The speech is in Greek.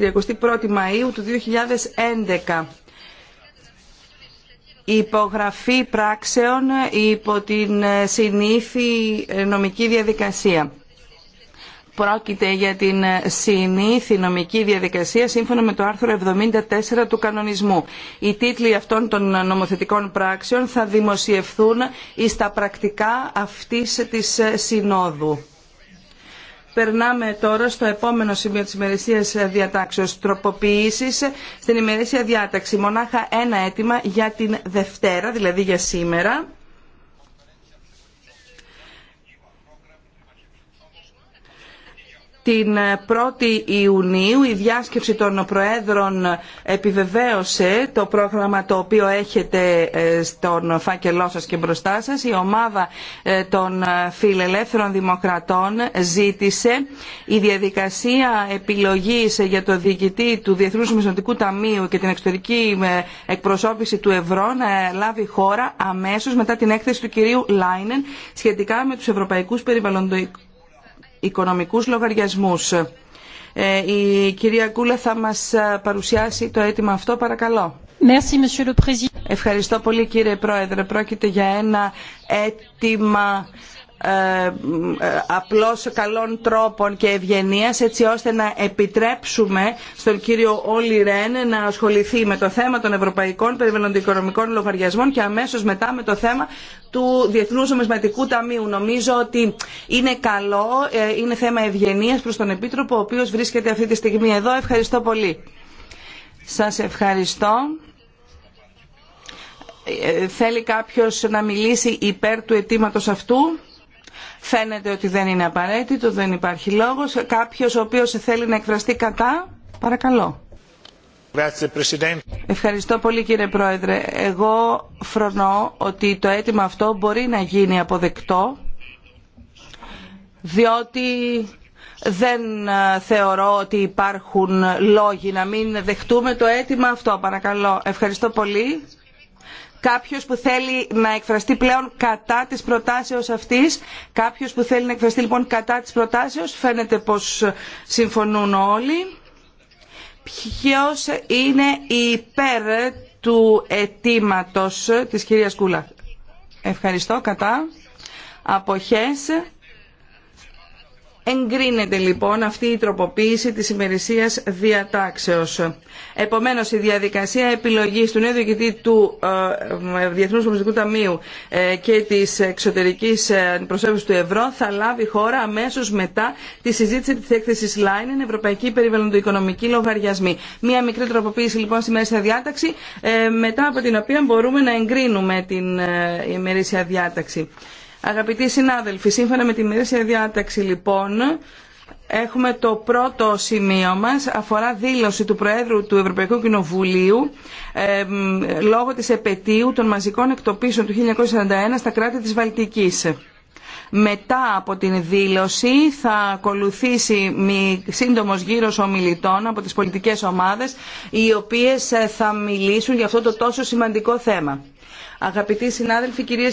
21 η Μαΐου του 2011. Η υπογραφή πράξεων υπό την ε, συνήθη ε, νομική διαδικασία. Πρόκειται για την ε, συνήθι νομική διαδικασία σύμφωνα με το άρθρο 74 του κανονισμού. Οι τίτλοι αυτών των νομοθετικών πράξεων θα δημοσιευθούν στα πρακτικά αυτής της συνόδου περνάμε τώρα στο επόμενο σημείο της ημερησίας διατάξεως τροποποιήσεις στην ημερησία διάταξη. Μονάχα ένα αίτημα για την Δευτέρα, δηλαδή για σήμερα. την 1η Ιουνίου η διάσκεψη των Προέδρων επιβεβαίωσε το πρόγραμμα το οποίο έχετε ε, στον φάκελό σας και μπροστά σας. Η ομάδα ε, των φιλελεύθερων δημοκρατών ζήτησε η διαδικασία επιλογής για το διοικητή του Διεθνούς Μεσονοτικού Ταμείου και την εξωτερική ε, εκπροσώπηση του ευρώ να λάβει χώρα αμέσως μετά την έκθεση του κυρίου Λάινεν σχετικά με τους ευρωπαϊκούς περιβαλλοντικούς οικονομικούς λογαριασμούς. Ε, η κυρία Κούλα θα μας ε, παρουσιάσει το αίτημα αυτό, παρακαλώ. Ευχαριστώ πολύ κύριε Πρόεδρε. Πρόκειται για ένα αίτημα ε, ε, απλώς καλών τρόπων και ευγενίας έτσι ώστε να επιτρέψουμε στον κύριο Όλι Ρεν να ασχοληθεί με το θέμα των ευρωπαϊκών περιβαλλοντικονομικών λογαριασμών και αμέσως μετά με το θέμα του Διεθνούς Ομισματικού Ταμείου. Νομίζω ότι είναι καλό, ε, είναι θέμα ευγενίας προς τον Επίτροπο ο οποίος βρίσκεται αυτή τη στιγμή εδώ. Ευχαριστώ πολύ. Σας ευχαριστώ θέλει κάποιος να μιλήσει υπέρ του αιτήματος αυτού. Φαίνεται ότι δεν είναι απαραίτητο, δεν υπάρχει λόγος. Κάποιος ο οποίος θέλει να εκφραστεί κατά, παρακαλώ. Ευχαριστώ πολύ κύριε Πρόεδρε. Εγώ φρονώ ότι το αίτημα αυτό μπορεί να γίνει αποδεκτό διότι δεν ε, θεωρώ ότι υπάρχουν λόγοι να μην δεχτούμε το αίτημα αυτό. Παρακαλώ. Ευχαριστώ πολύ. Κάποιο που θέλει να εκφραστεί πλέον κατά τη προτάσεω αυτή. Κάποιο που θέλει να εκφραστεί λοιπόν κατά τη προτάσεω. φαίνεται πως συμφωνούν όλοι. Ποιο είναι υπέρ του αιτήματο της κυρίας Κούλα. Ευχαριστώ, κατά. Αποχές Εγκρίνεται λοιπόν αυτή η τροποποίηση της ημερησίας διατάξεως. Επομένως η διαδικασία επιλογής του νέου διοικητή του ε, ε Διεθνούς Προσδικού Ταμείου ε, και της εξωτερικής ε, προσέγγισης του ευρώ θα λάβει χώρα αμέσως μετά τη συζήτηση της έκθεσης Λάινεν Ευρωπαϊκή Περιβαλλοντοοικονομική Λογαριασμή. Μία μικρή τροποποίηση λοιπόν στη μέση διάταξη μετά από την οποία μπορούμε να εγκρίνουμε την ημερησία διάταξη. Αγαπητοί συνάδελφοι, σύμφωνα με τη μερίσια διάταξη λοιπόν, έχουμε το πρώτο σημείο μας, αφορά δήλωση του Προέδρου του Ευρωπαϊκού Κοινοβουλίου ε, λόγω της επαιτίου των μαζικών εκτοπίσεων του 1941 στα κράτη της Βαλτικής. Μετά από την δήλωση θα ακολουθήσει σύντομος γύρος ομιλητών από τις πολιτικές ομάδες οι οποίες ε, θα μιλήσουν για αυτό το τόσο σημαντικό θέμα. Αγαπητοί συνάδελφοι, κύριε.